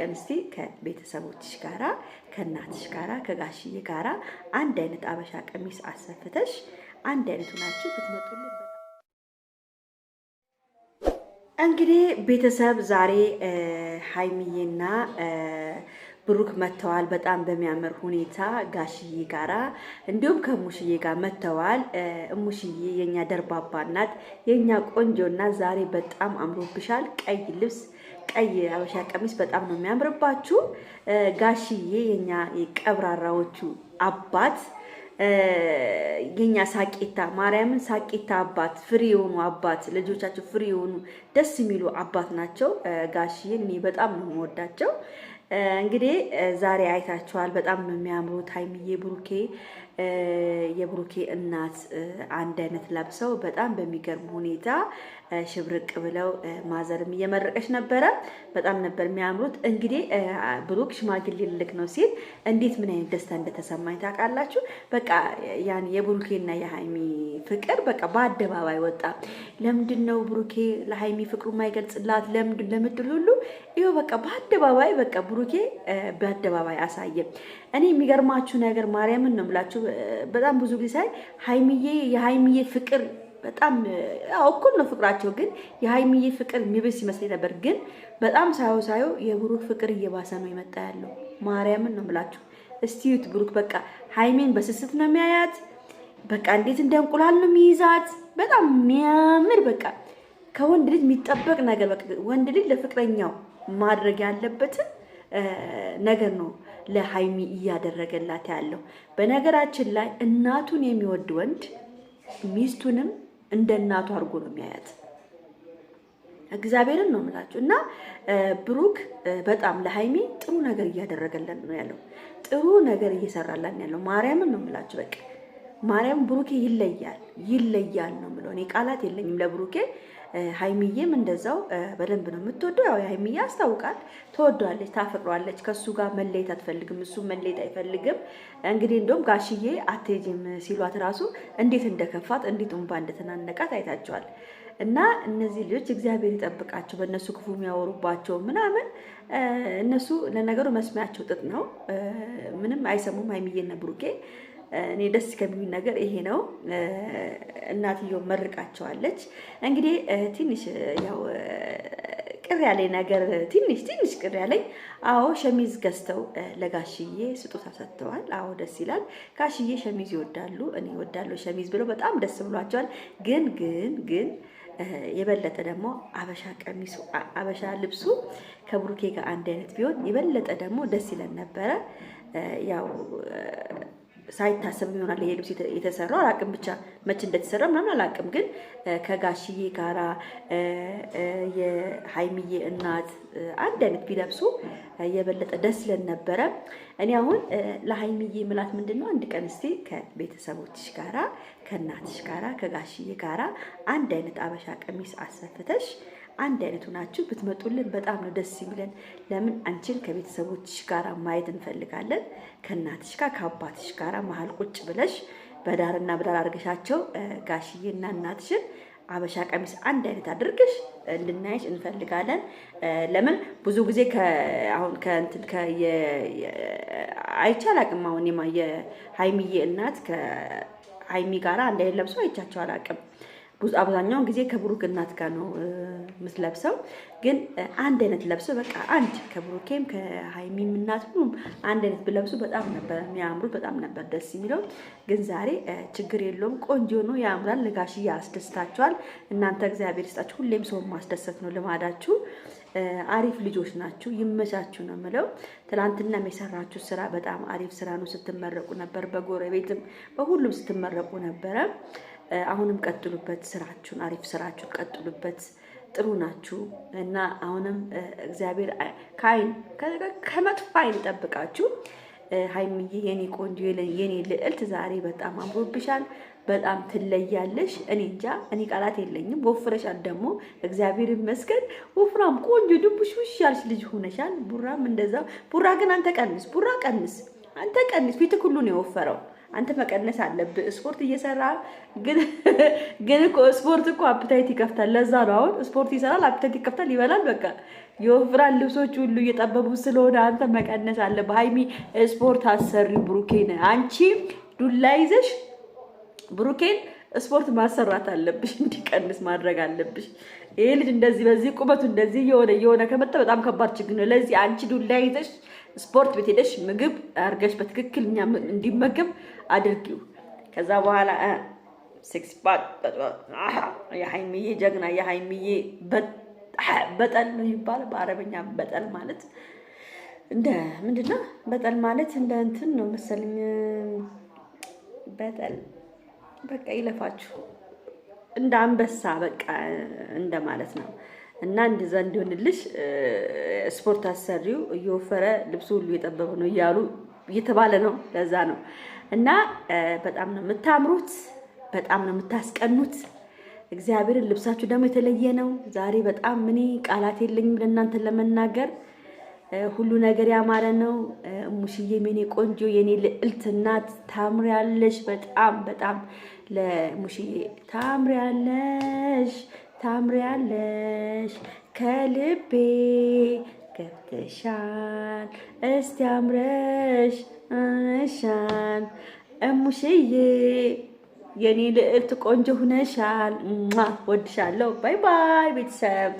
ቀን እስቲ ከቤተሰቦችሽ ጋራ ከእናትሽ ጋራ ከጋሽዬ ጋራ አንድ አይነት አበሻ ቀሚስ አሰፍተሽ አንድ አይነቱ ናችሁ ብትመጡልን። እንግዲህ ቤተሰብ ዛሬ ሀይሚዬና ብሩክ መጥተዋል። በጣም በሚያምር ሁኔታ ጋሽዬ ጋራ እንዲሁም ከሙሽዬ ጋር መጥተዋል። እሙሽዬ የኛ ደርባባ ናት፣ የኛ ቆንጆ ናት። ዛሬ በጣም አምሮብሻል። ቀይ ልብስ ቀይ አበሻ ቀሚስ በጣም ነው የሚያምርባችሁ። ጋሽዬ የኛ የቀብራራዎቹ አባት የኛ ሳቂታ ማርያምን ሳቂታ አባት ፍሪ የሆኑ አባት ልጆቻቸው ፍሪ የሆኑ ደስ የሚሉ አባት ናቸው። ጋሽዬን እኔ በጣም ነው የምወዳቸው። እንግዲህ ዛሬ አይታችኋል። በጣም ነው የሚያምሩት። ሀይሚዬ ብሩኬ፣ የብሩኬ እናት አንድ አይነት ለብሰው በጣም በሚገርም ሁኔታ ሽብርቅ ብለው ማዘርም እየመረቀች ነበረ። በጣም ነበር የሚያምሩት። እንግዲህ ብሩክ ሽማግሌ ልልክ ነው ሲል እንዴት ምን አይነት ደስታ እንደተሰማኝ ታውቃላችሁ። በቃ ያን የብሩኬና የሀይሚ ፍቅር በቃ በአደባባይ ወጣ። ለምንድን ነው ብሩኬ ለሀይሚ ፍቅሩ ማይገልጽላት? ለምንድን ለምድል ሁሉ ይኸው በቃ በአደባባይ በቃ ብሩኬ ብሩኬ በአደባባይ አሳየ። እኔ የሚገርማችሁ ነገር ማርያምን ነው የምላችሁ። በጣም ብዙ ጊዜ ሳይ ሀይሚዬ የሀይሚዬ ፍቅር በጣም እኩል ነው ፍቅራቸው፣ ግን የሀይሚዬ ፍቅር የሚብስ ይመስለኝ ነበር። ግን በጣም ሳየው ሳየው የብሩክ ፍቅር እየባሰ ነው የመጣ ያለው። ማርያምን ነው እስቲ እስቲዩት ብሩክ በቃ ሀይሜን በስስት ነው የሚያያት። በቃ እንዴት እንደ እንቁላል ነው የሚይዛት። በጣም የሚያምር በቃ ከወንድ ልጅ የሚጠበቅ ነገር በቃ ወንድ ልጅ ለፍቅረኛው ማድረግ ያለበትን ነገር ነው ለሀይሚ እያደረገላት ያለው። በነገራችን ላይ እናቱን የሚወድ ወንድ ሚስቱንም እንደ እናቱ አድርጎ ነው የሚያያት። እግዚአብሔርን ነው የምላችሁ። እና ብሩክ በጣም ለሀይሚ ጥሩ ነገር እያደረገለን ነው ያለው፣ ጥሩ ነገር እየሰራላን ያለው። ማርያምን ነው የምላችሁ። በቃ ማርያም ብሩኬ ይለያል፣ ይለያል ነው የምለው። እኔ ቃላት የለኝም ለብሩኬ ሀይሚዬም እንደዛው በደንብ ነው የምትወደው። ያው የሀይሚዬ ያስታውቃል፣ ትወዷለች፣ ታፈቅሯለች። ከእሱ ጋር መለየት አትፈልግም፣ እሱ መለየት አይፈልግም። እንግዲህ እንደውም ጋሽዬ አትሄጂም ሲሏት ራሱ እንዴት እንደከፋት እንዴት እንባ እንደተናነቃት አይታቸዋል። እና እነዚህ ልጆች እግዚአብሔር ይጠብቃቸው፣ በእነሱ ክፉ የሚያወሩባቸው ምናምን። እነሱ ለነገሩ መስሚያቸው ጥጥ ነው፣ ምንም አይሰሙም ሀይሚዬና ብሩኬ እኔ ደስ ከሚሉኝ ነገር ይሄ ነው። እናትየው መርቃቸዋለች። እንግዲህ ትንሽ ያው ቅር ያለኝ ነገር ትንሽ ትንሽ ቅር ያለኝ አዎ ሸሚዝ ገዝተው ለጋሽዬ ስጦታ ሰጥተዋል። አዎ ደስ ይላል። ጋሽዬ ሸሚዝ ይወዳሉ፣ እኔ እወዳለሁ ሸሚዝ ብለው በጣም ደስ ብሏቸዋል። ግን ግን ግን የበለጠ ደግሞ አበሻ ቀሚሱ አበሻ ልብሱ ከብሩኬ ጋር አንድ አይነት ቢሆን የበለጠ ደግሞ ደስ ይለን ነበረ ያው ሳይታሰብ ይሆናል ይሄ ልብስ የተሰራው አላቅም፣ ብቻ መቼ እንደተሰራ ምናምን አላቅም። ግን ከጋሽዬ ጋራ የሀይሚዬ እናት አንድ አይነት ቢለብሱ የበለጠ ደስ ለን ነበረ። እኔ አሁን ለሀይሚዬ ምላት ምንድን ነው አንድ ቀን እስቲ ከቤተሰቦችሽ ጋራ ከእናትሽ ጋራ ከጋሽዬ ጋራ አንድ አይነት አበሻ ቀሚስ አሰፍተሽ አንድ አይነቱ ናችሁ ብትመጡልን በጣም ነው ደስ የሚለን። ለምን አንቺን ከቤተሰቦችሽ ጋራ ማየት እንፈልጋለን። ከእናትሽ ጋር ከአባትሽ ጋራ መሀል ቁጭ ብለሽ በዳርና በዳር አድርገሻቸው ጋሽዬና እናትሽን አበሻ ቀሚስ አንድ አይነት አድርገሽ እንድናይሽ እንፈልጋለን። ለምን ብዙ ጊዜ አሁን ከእንትን አቅም አላቅም። አሁን የሀይሚዬ እናት ከሀይሚ ጋራ አንድ አይነት ለብሶ አይቻቸው አላቅም። አብዛኛውን ጊዜ ከብሩክ እናት ጋር ነው የምትለብሰው። ግን አንድ አይነት ለብሶ በቃ አንድ ከብሩኬም ከሀይሚም እናት ሁሉም አንድ አይነት ብለብሱ በጣም ነበር የሚያምሩት፣ በጣም ነበር ደስ የሚለው። ግን ዛሬ ችግር የለውም ቆንጆ ነው፣ ያምራል። ልጋሽ ያስደስታቸዋል። እናንተ እግዚአብሔር ይስጣችሁ። ሁሌም ሰው ማስደሰት ነው ልማዳችሁ። አሪፍ ልጆች ናችሁ፣ ይመቻችሁ ነው የምለው። ትናንትናም የሰራችሁ ስራ በጣም አሪፍ ስራ ነው። ስትመረቁ ነበር፣ በጎረቤትም በሁሉም ስትመረቁ ነበረ። አሁንም ቀጥሉበት፣ ስራችሁን አሪፍ ስራችሁን ቀጥሉበት፣ ጥሩ ናችሁ እና አሁንም እግዚአብሔር ከአይን ከመጥፎ አይን ይጠብቃችሁ። ሀይሚዬ የኔ ቆንጆ የኔ ልዕልት ዛሬ በጣም አምሮብሻል። በጣም ትለያለሽ። እኔ እንጃ እኔ ቃላት የለኝም። ወፍረሻል ደግሞ እግዚአብሔር ይመስገን። ወፍራም ቆንጆ ድቡሽ ውሽ ያልሽ ልጅ ሆነሻል። ቡራም እንደዛ። ቡራ ግን አንተ ቀንስ፣ ቡራ ቀንስ፣ አንተ ቀንስ። ፊት ሁሉ ነው የወፈረው። አንተ መቀነስ አለብህ። ስፖርት እየሰራ ግን ግን እኮ ስፖርት እኮ አፕታይት ይከፍታል። ለዛ ነው አሁን ስፖርት ይሰራል፣ አፕታይት ይከፍታል፣ ይበላል፣ በቃ የወፍራን ልብሶች ሁሉ እየጠበቡ ስለሆነ አንተ መቀነስ አለብህ። ሀይሚ ስፖርት አሰሪ ብሩኬን፣ አንቺ ዱላ ይዘሽ ብሩኬን ስፖርት ማሰራት አለብሽ፣ እንዲቀንስ ማድረግ አለብሽ። ይሄ ልጅ እንደዚህ በዚህ ቁመቱ እንደዚህ እየሆነ እየሆነ ከመጣ በጣም ከባድ ችግር ነው። ለዚህ አንቺ ዱላ ይዘሽ ስፖርት ቤት ሄደሽ ምግብ አድርገሽ በትክክል እኛ እንዲመገብ አድርጊው። ከዛ በኋላ ሲክስ ፓክ የሀይሚዬ ጀግና የሀይሚዬ በጠል ነው የሚባለው በአረበኛ በጠል ማለት እንደ ምንድን ነው? በጠል ማለት እንደ እንትን ነው መሰለኝ። በጠል በቃ ይለፋችሁ እንደ አንበሳ በቃ እንደ ማለት ነው። እና እንደዛ እንዲሆንልሽ ስፖርት አሰሪው እየወፈረ ልብሱ ሁሉ የጠበበ ነው እያሉ እየተባለ ነው። ለዛ ነው እና በጣም ነው የምታምሩት፣ በጣም ነው የምታስቀኑት። እግዚአብሔርን ልብሳችሁ ደግሞ የተለየ ነው። ዛሬ በጣም እኔ ቃላት የለኝም ለእናንተ ለመናገር ሁሉ ነገር ያማረ ነው። እሙሽዬ የኔ ቆንጆ የኔ ልዕልት እናት ታምሪያለሽ። በጣም በጣም ለሙሽዬ ታምሪያለሽ። ታምሪያለሽ ከልቤ ገብተሻል እስቲ አምረሽ ሆነሻል እሙሽዬ የኔ ልዕልት ቆንጆ ሁነሻል። ወድሻለሁ። ባይ ባይ ቤተሰብ